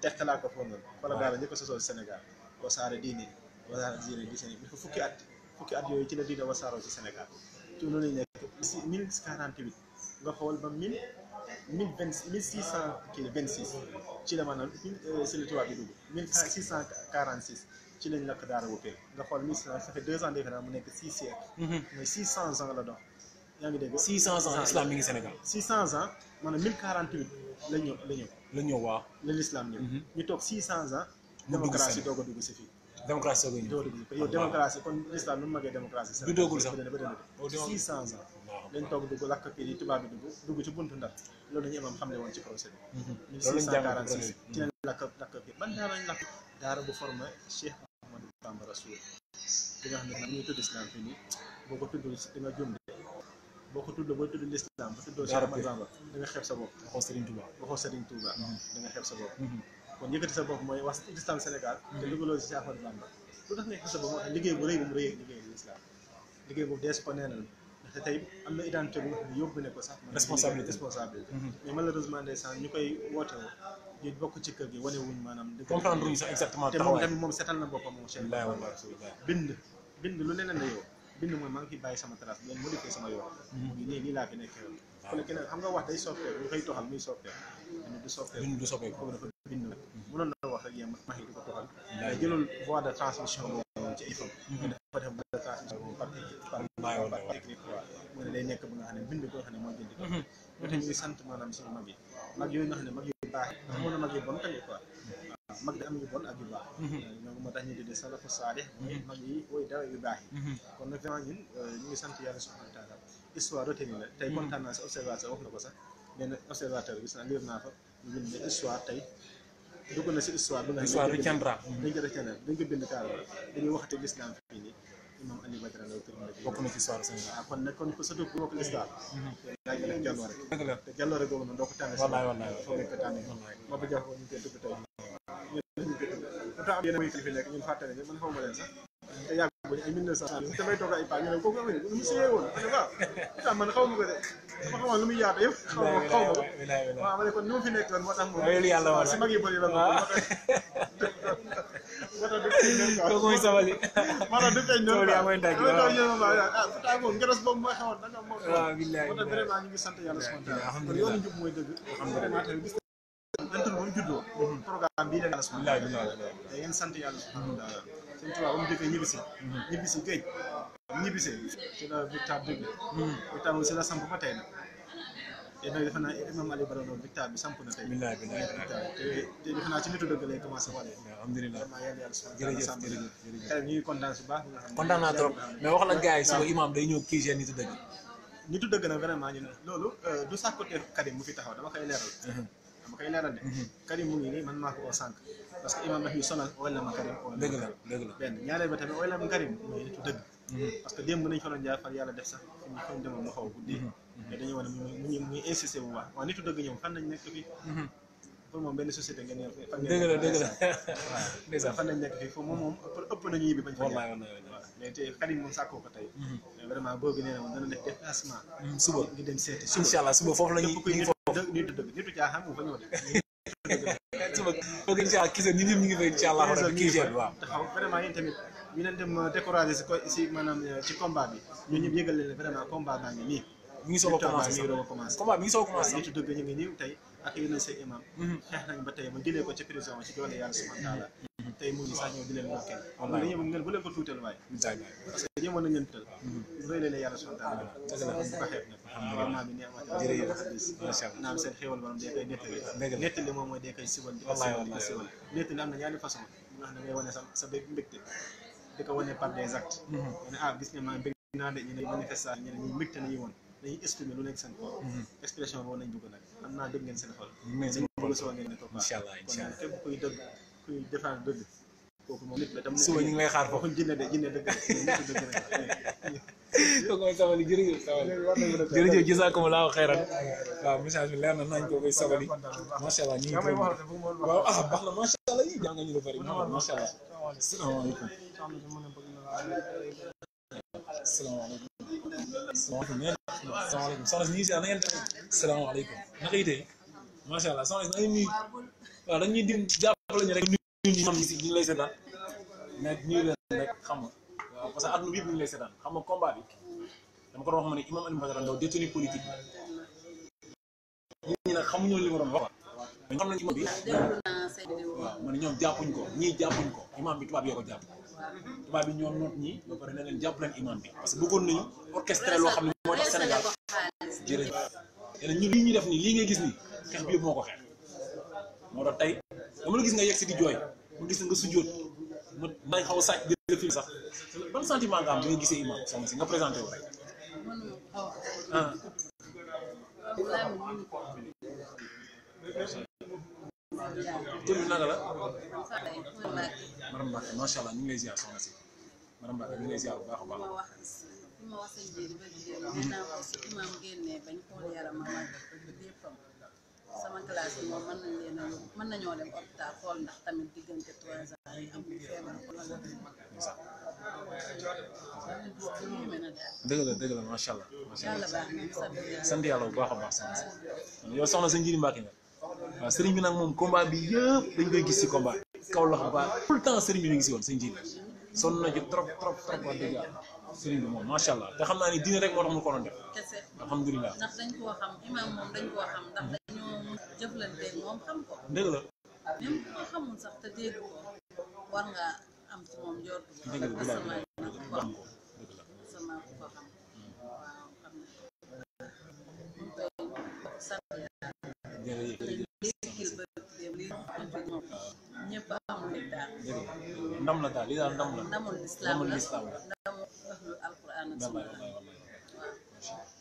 de ko foofu noonu wala daara njëkk a sosoo Sénégal wasaare diine wasaare diine di fukki at fukki at yooyu ci la diine wasaaroo ci Sénégal ci loolu lañ nekk si 1948 le 1646 ci lañ nak daara wopé nga xol 1600 ça fait 2 ans déjà mu nek 6 siècles mhm. mais 600 ans là do ya nga dégg 600 ans islam mi ngi sénégal 600 ans manam 1048 la ñëw la ñëw la ñëw wa l'islam ñëw mhm. ñu tok 600 ans démocratie dogo dugg ci fi démocratie dogo ñëw dogo démocratie kon l'islam nu magay démocratie du 600 ans dañ toog dugg lakk kii yi tubaab bi dugg dugg ci buntu ndar loolu dañu imam xamle woon ci procès bi 1646 mhm. ci lañ lakk lakk kii ban daara lañ lakk daara bu formé Cheikh Ahmadou Bamba Rasoul di nga xam ne ñu tudd islam fii nii boo ko tuddul si di nga jumde boo ko tudd booy tudd l'islam ba tuddoo Cheikh Ahmadou Bamba da nga xeeb sa bopp waxoo Serigne Touba waxoo Serigne Touba mhm. da nga xeeb sa bopp mhm. kon yëkkati sa bopp mooy wax l'islam Sénégal te dugaloo si Cheikh Ahmadou Bamba lu tax nga xeeb sa bopp moo tax liggéey bu rëy bu mu rëy liggéey l'islam liggéey boobu dees ko neenal te tey am na identité bu nga xam ne yóbbu ne ko sax. responsabilité responsabilité. Mhm. mais malheureusement ndeysaan ñu koy woote woo bokk ci kër gi wane wuñ maanaam. comprendre te moom tamit moom setal na boppam moom. seen bind bind lu leneen la yow. bind mooy maa ngi fi bàyyi sama trace leen modifié sama yoon. Mhm. mu ngi nii nii laa fi nekkee woon. waaw toxal muy soppeeku. du soppeeku bind mhm. wax rek yéen ma di ko toxal. jëlul voie transmission boobu ci ay fan. dafa def voie de transmission boobu par bàyyiwoon ak technique quoi mu ne day nekk ba nga xam ne bind ko xam ne moo jënd ko loolu tamit ñu ngi sant maanaam suñu mag yi mag yooyu nga xam ne mag yu baax ndax moo na mag yu bon tamit quoi waaw mhm. mag di am yu bon ak yu baax donc mhm. moo tax ñu tuddee salafu saalih mhm. mag yi woy daw yu baax yi kon nag vraiment ñun euh, ñu ngi sant yàlla subhanahu wa taala histoire retenue la tey kontaan naa si observateur wax na ko sax benn observateur gis naa liir naa fa ñu bind histoire tey dugg na si histoire bi nga xam ne histoire du Thiendra dañ ko def Thiendra dañ ko bind kaara dañuy waxate l'islam fii nii imam Aliou Badara Ndao bokk na ci soir Sénégal ah, kon kon ko sa dëkk bokk l'islam yaa ngi leen jaloore te noonu doo ko tànn wallaay wallaay foog ko tànn ma ba am yeneen mooy kilifa nekk ñun fàtte nañu man xaw ma leen sax te yàgg ba ay mille neuf cent soixante damay toog ay paa ñu ne kooku am lu mu sëyee woon ma ne waaw ah man xaw ma ko de dama xamoon lu muy yaatu yëpp xaw ma xaw ma ko waaw ma ne kon ni mu fi nekk woon moo tax moom si mag yi bëri la moo tax kooku muy sabali maa ngi dëkk ay ñoom waaw mooy ndàgg waaw ah bu tàggoon ngeres boobu mooy xawoon da nga moo waaw billaay moo tax vraiment ñu ngi sant yàlla subhanahu wa taala yoonu njub mooy dëgg vraiment tey gis nañ antul moom juddoo programme bii la yàlla subhanahu wa taala yéen sant yàlla subhanahu wa taala suñu tubaab ba mu jotee ñibbisi ñibbisi ci la victoire dugg victoire si la samp ba tey nag te nag defe naa imam Aliou Bara Ndao bi samp na tey bilaay bilaay te defe naa ci nitu dëgg lay commencé wane alhamdulilah jërëjëf jërëjëf jërëjëf ñu ngi kontaan su baax kontaan naa trop mais wax la gars yi suba imam day ñëw kii nitu dëgg nitu dëgg nag vraiment ñu loolu euh, du sàkkoteef Karim mu fi taxaw dama koy leeral uh-huh. dama koy leeral de uh-huh. Karim mu ngi man maa o oo sànq parce que imam daf ñu sonal wala ma karim dëgg la dëgg la benn ñaareel ba tamit wala ma karim mooy nitu dëgg mhm. parce que démb nañu fa doon jaar far yàlla def sax ñu fañ demoon ba xaw guddee mhm. mais dañuy wane muy muy insisté bu baax waaw nitu dëgg ñoom fan nañ nekk fii mhm. pour moom benn société ngeen yor fan dëgg la dëgg la waaw fan nañ nekk fii foofu moom moom ëpp nañu yibbi bañ fa waaw mais te Karim moom sàkkoo ko tey vraiment boobu nee na moom dana def déplacement suba di dem seeti incha allah suba foofu la ñuy nitu dëgg nitu caaxaan mu fa ñëw de ok incha allah kii ñun ñëpp ñu ngi fay incha allah kii jeex waaw. taxaw vraiment yéen tamit ñu leen dem euh, découragé si si maanaam euh, ci combat bi ñun ñëpp yëgal leen vraiment combat baa ngi nii. mi ngi soog a commencé combat mi ngi soog a commencé. ñu tudd ñu ngi nii tey ak yeneen say imam. Mm-hmm. xeex nañ ba tey mu jëlee ko ci prison ci doole yàlla subhanahu wa taala tey mu ngi sax ñëw di leen wax kenn loolu dañuy ngeen bu leen ko tuutal waaye parce que ñëwoon nañ leen tël rëy la yàlla sontaan dëgg la bu ko xeeb nag vraiment bi neex ma jërëjëf naam seen xéwal borom dee koy nettali nettali moom mooy dee koy sibal di ko sibal di ko sibal nettali am na ñaari façon nga xam ne ngay wane sa sa bég mbégte di ko wane par des actes mhm. ne ah gis nga maa mbég naa de ñu ne manifestation ñu ne ñu mbégte nañu woon dañuy exprimer lu nekk seen xol mhm. expression boobu nañ bëgg nag am naa dégg ngeen seen xol seen xol soo ngeen ne ko baax kon képp kuy dëgg kuy defar dëgg kooku moom nit la tam suba ñu ngi lay xaar foofu jinne de jinne dëgg kooku mooy sabali jërëjëf sabali jërëjëf jazaakumullaahu xayran waaw message bi leer na nañ ko koy sabali macha allah ñu ngi koy waaw ah baax na macha allah yi jàng ñu lu bëri macha allah asalaamaaleykum asalaamaaleykum salaamaaleykum yéen salaamaaleykum soxna si ñu ngi si na ngeen def salaamaaleykum naka yitee macha allah soxna si na ngeen ñuy waaw dañuy dim jàpp ñu rek ñu ñu xam ñu lay seetaan na ñu leen rek xam nga waaw parce que àdduna bi yëpp xam nga combat bi dama ko ma ne imam Alioune Badara Ndao xamuñu li ma doon xam nañ bi waaw ma ne ñoom jàppuñ ko ñii jàppuñ ko imam bi tubaab yoo ko jàpp tubaab yi ñoo noot ñii ba pare ne leen jàpp leen imam bi parce que bëggoon nañu orchestré loo xam ne moo tax Sénégal jërëjëf ñu lii ñu def nii lii ngay gis nii xeex bi moo ko xeex moo tax tey dama la gis nga yegg si di jooy ma gis nga sujjóot ma nañ xaw a sàcc jël film sax ban sentiment nga am bi nga gisee imam soxna si nga présenté wu rek ah tur bi naka la madame Mbacke macha allah ñu ngi lay ziar soxna si madame Mbacke ñu ngi lay bu baax a baax ma wax sëñ bi sama kelas moom man nañ leen a man nañu dem hôpital xol ndax tamit digënté 3 ans yi amul feebar wala dëgg la allah macha allah sant yàlla bu baax baax sant yow soxna sa njëriñ mbàkki nga waaw bi nag moom combat bi yëpp dañ koy gis combat kaw ba tout temps bi na ci trop trop trop wax dëgg yàlla allah te xam ni diine rek moo tax mu ko doon def alhamdulilah ndax dañ xam imam dañ xam ndax jëflanteeg moom xam ko. dëgg la. même bu ko sax te dégg ko war nga am moom njort. dëgg la dëgg la dëgg la sama ku ko xam. waaw xam naa sant yàlla. jërëjëf ñëpp amul léegi ndam la daal lii daal ndam la. ndamul la ndamul islam la ndamul alquran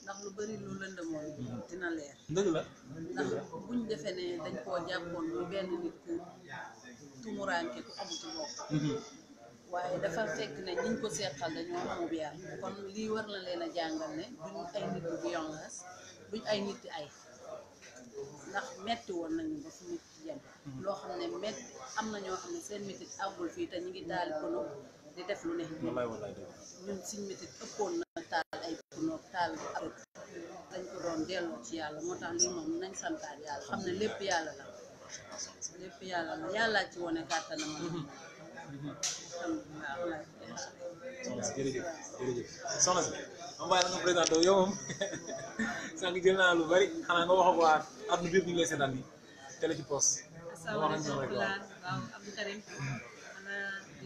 ndax lu bari lu lëndëmoon dina leer dëgg la ndax buñ defee ne dañ koo jàppoon lu benn nit ku tumuraanke ku amutu bopp mhm. waaye dafa fekk ne ñiñ ko seqal dañoo amub yar kon lii war na leen a jàngal ne duñ ay nit bu duñ ay nit ay ndax metti woon nañu ba fu nit yem mhm. loo xam ne metti am na ñoo xam ne seen métit àggul fii te ñu ngi daali kono di def lu ne ñun siñ métit ëppoon na taal noog taalibe ak dañ ko doon delloo ci yàlla moo tax lii moom nañ santaat yàlla xam ne lépp yàlla la yàlla ci wone kàttanam mhm. Mhm. jërëjëf jërëjëf soxna si ma bàyyi la nga présenté yow bari xanaa nga wax ak waa àdduna bi yëpp ñu lay seetaan ni télé ci poste. asalaamaaleykum waaw Abdou Karim xanaa mhm. di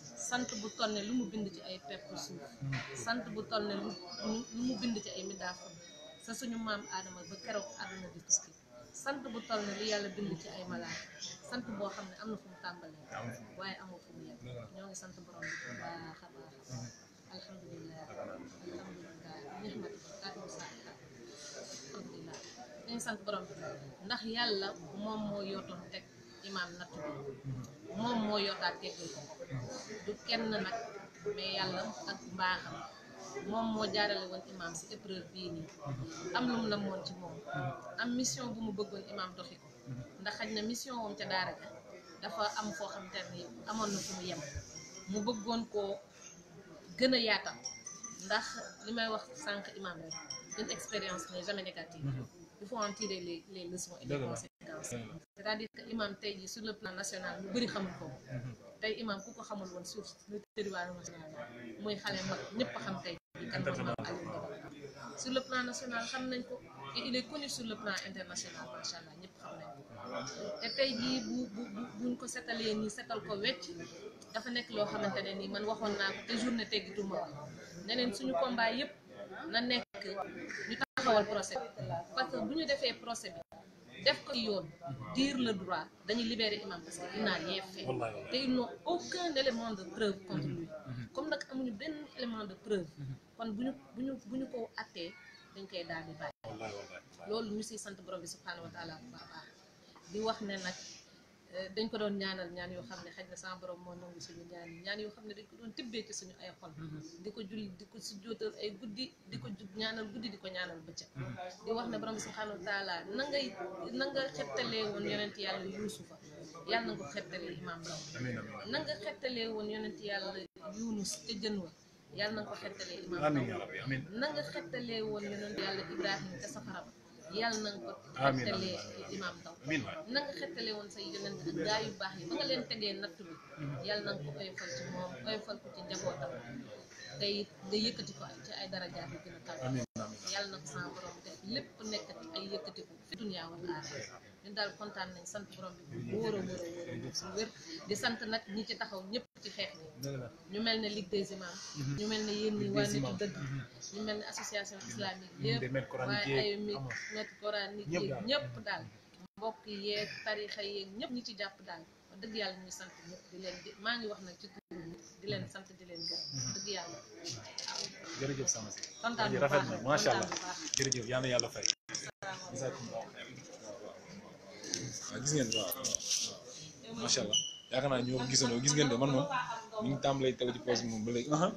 sant bu toll ne lu mu bind ci ay pepp suuf sant bu toll ne lu mu bind ci ay middaafam sa suñu maam aadama ba keroog àdduna di tukki sant bu toll ne lu yàlla bind ci ay malaaka sant boo xam ne am na fu mu tàmbalee waaye amoo fu mu yem ñoo ngi sant borom bi bu baax baax alhamdulilah alhamdulilah nixmat ak musa alhamdulilah dañ sant ndax yàlla moom moo yootoon teg imaam natt moom moo yokkaat teggil ko du kenn nag mais yàlla ak mbaaxam moom moo jaarale woon imaam si épreuve bii am lu mu la moon ci moom am mission bu mu bëggoon imaam doxi ko ndax xaj na mission woom ca daara ja dafa am foo xam te amoon na fu mu yem mu bëggoon koo gën a yaatal ndax li may wax sànq imaam rek une expérience n'est jamais négative il faut en tirer les les leçons et les dire que imam tey jii sur le plan national ñu bëri xamul ko tey imam ku ko xamul woon suuf lu territoire national muy a xam tey jii kan mooy xam nañ ko et il est connu sur le plan international macha allah xam nañ te tey jii bu bu buñ ko setalee nii setal ko wecc dafa nekk loo xamante ne nii man waxoon naa ko te journée teggitu ma neneen suñu combat yëpp na nekk taxawal procès bi parce que bu ñu defee procès bi def ko yoon dire le droit dañuy libérer imam parce que il n'a rien fait te ils n'ont aucun élément de preuve contre mhm. comme nag amuñu benn élément de preuve mhm. kon bu ñu bu ñu bu ñu ko attee dañ koy daal di bàyyi loolu ñu siy sant borom bi subhaanahu wa di wax ne nag Euh, dañ ko doon ñaanal ñaan yoo xam ne xaj na sama borom moo nangu suñu ñaan yi ñaan yoo xam ne dañ ko doon tibbee ci suñu ay xol mhm. di ko julli di ko si jootal ay guddi di ko ñaanal guddi di ko ñaanal bëccëg mhm. di wax ne borom bi subhanahu wa taala na ngay na nga xettalee woon yonent yàlla yuusufa yàlla na nga ko xettalee imaam daw na nga woon yonent yàlla yunus te jën wa yàlla na nga ko xettalee imaam daw na xettalee woon yonent yàlla ibrahim te safara ba yàlla na nga ko xettale imaam daw na xettale woon sa yonent gaa yu baax yi ba nga leen tegee natt bi mm-hmm. yàlla na nga ko oyofal ci moom oyofal ko ci njabootam tey nga yëkkati ko ci ay darajaat yu gën a kaw yàlla na ko sama borom def lépp nekk ay yëkkati fi dunyaa wal ñu daal kontaan nañ sant borom bi wóor a a wóor a wóor di sant nag ñi ci taxaw ñëpp ci xeex ni ñu mel ne Ligue des imams mhm. ñu mel ne yéen ñi waa nitu mhm. ñu mel ne association mhm. islamique yëpp waaye ay maître coranique yi ñëpp daal mbokk yeeg tarixa yeeg ñëpp ñi ci jàpp daal wax dëgg yàlla ñuy sant ñëpp di leen di maa ngi wax nag ci di leen sant di leen gërëm dëgg yàlla jërëjëf sama si kontaan bu baax rafet na yàlla yàlla fay gis ngeen waaw waaw macha allah ñoo gis ngeen de man moom ñu ngi tàmbalee tegu ci poche moom ba léegi. Mhm.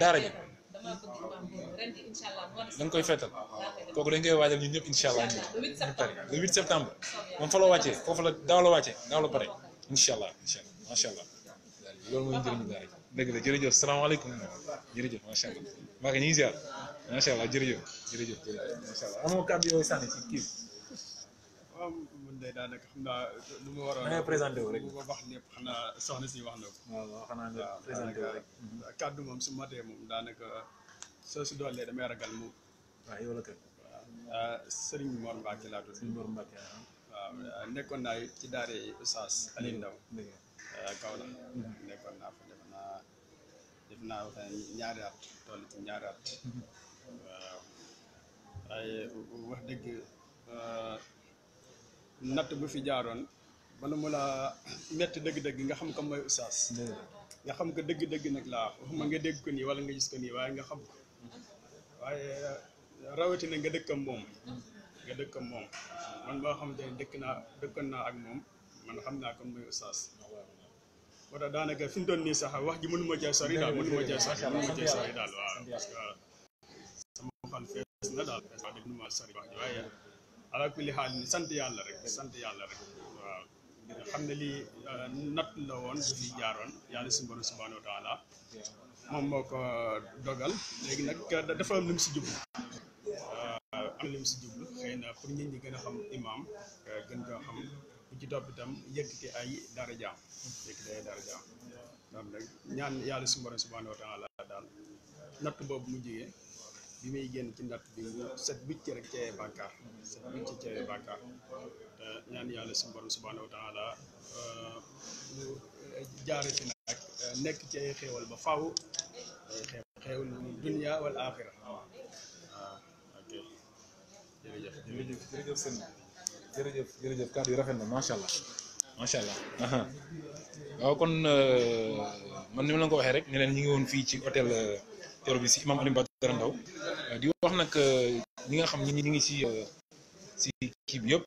daara ji da koy fetal kooku dañ koy waajal ñun ñëpp incha allah ñu pare le 8 septembre moom fa la wàccee foofu la daaw la wàccee daaw la pare incha allah incha loolu mooy njëriñu daara ji dëgg la jërëjëf salaamaaleykum jërëjëf macha allah Mbacke ñu ngi ziar. ma allah jërëjëf jërëjëf jërëjëf macha allah amoo de daanaka xam naa lu ma waroon. da rek bu ma wax lépp xanaa soxna wax na ko. su matee moom daanaka soo si doolee damay ragal mu. waaw yow la euh, ah. euh, nekkoon naa ci daara yi Oustaz Aliou Ndao. dëgg la kaw la nekkoon naa fa def naa def ñaari at toll ci ñaari at. waaw waaye wax dëgg euh, natt bu fi jaaroon bala mu laa metti dëgg-dëgg nga xam ko mooy oustaz nga xam ko dëgg-dëgg nag laa ma nga dégg ko nii walla nga gis ko nii waaye nga xam ko waaye rawatina nga dëkkam moom nga dëkkam moom man boo xamante dëkk naa dëkkoon naa ak moom man xam naa ko mooy oustaz moo tax daanaka fi mu toll nii sax wax ji mënuma cee sori daal mënuma cee sori daal waaw parce que des na daal des waaye ala kulli xaal ni sant yàlla rek sant yàlla rek waaw xam euh, natt la woon bu fi jaaroon yàlla suñu borom subhanahu wa moom moo ko dogal léegi nag euh, dafa am lu mu si jublu euh, am xëy pour nit ñi gën a xam imaam gën koo xam ku ci topp itam yëkkati ay dara jaam yëkkati ay ñaan yàlla suñu borom subhanahu wa daal natt boobu mu jigee bi may génn ci ndax bi mu set wicc rek cayee bàkkaar set wicc cayee bàkkaar yàlla suñu borom euh, euh, nekk ci ay ba faw xéewal mu dunia wal axira waaw jërëjëf jërëjëf yi rafet na macha allah macha allah waaw kon euh, man ni ma la ko waxee rek ne leen ñu ngi woon fii ci hôtel Théodore bi si imam Alioune Badara Ndao Euh, di wax nag euh, ñi nga xam ñi ñi ngi ci si euh, kii yëpp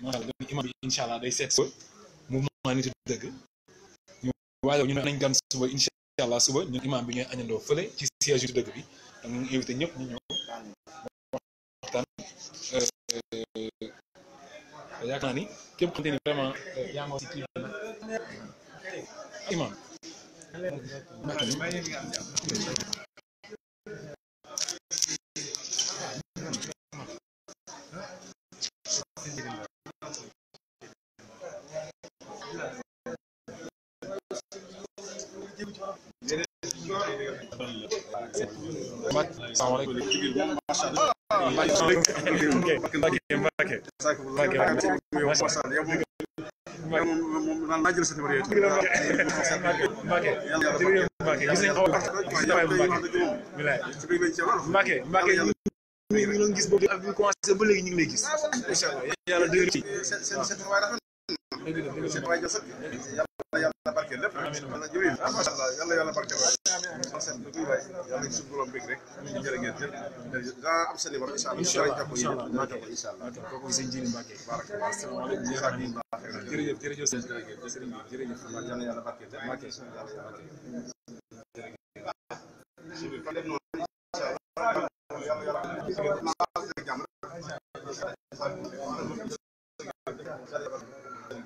macha imam bi incha allah day set suba mouvement nitu dëgg ñu waajal ñu suba incha allah suba ñun imam bi ñooy añandoo fële ci siège dëgg bi donc ñu ngi ñu ñëw waxtaan yaakaar naa ni képp xamante ni vraiment imam Mbacke Mbacke mais ñu doon gis boobu ak bi commencé ba léegi allah yàlla dëgër ci. seen seen waay rafet na. dëgg la dëgg la seen waay jëf yàlla yàlla barkeel lépp. amiin wala allah yàlla yàlla barkeel waay. man seen bi kuy waay yàlla ci suñu borom bëgg rek. jërë ngeen jëf jërëjëf daa am seen i war incha allah. incha allah incha allah maa bu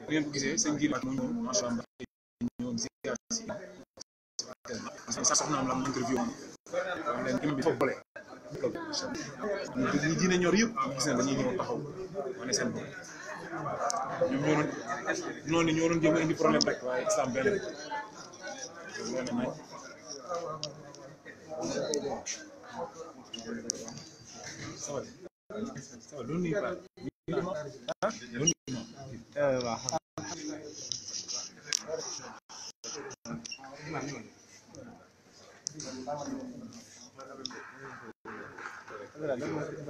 ngeen ko gisee sëñ Jili moo ñëw macha allah la interview am leen boole ñi diine ñor yëpp gis na dañuy ñëw taxaw wane seen bopp ñoom ñoo doon noonu ñoo a problème rek waaye sabe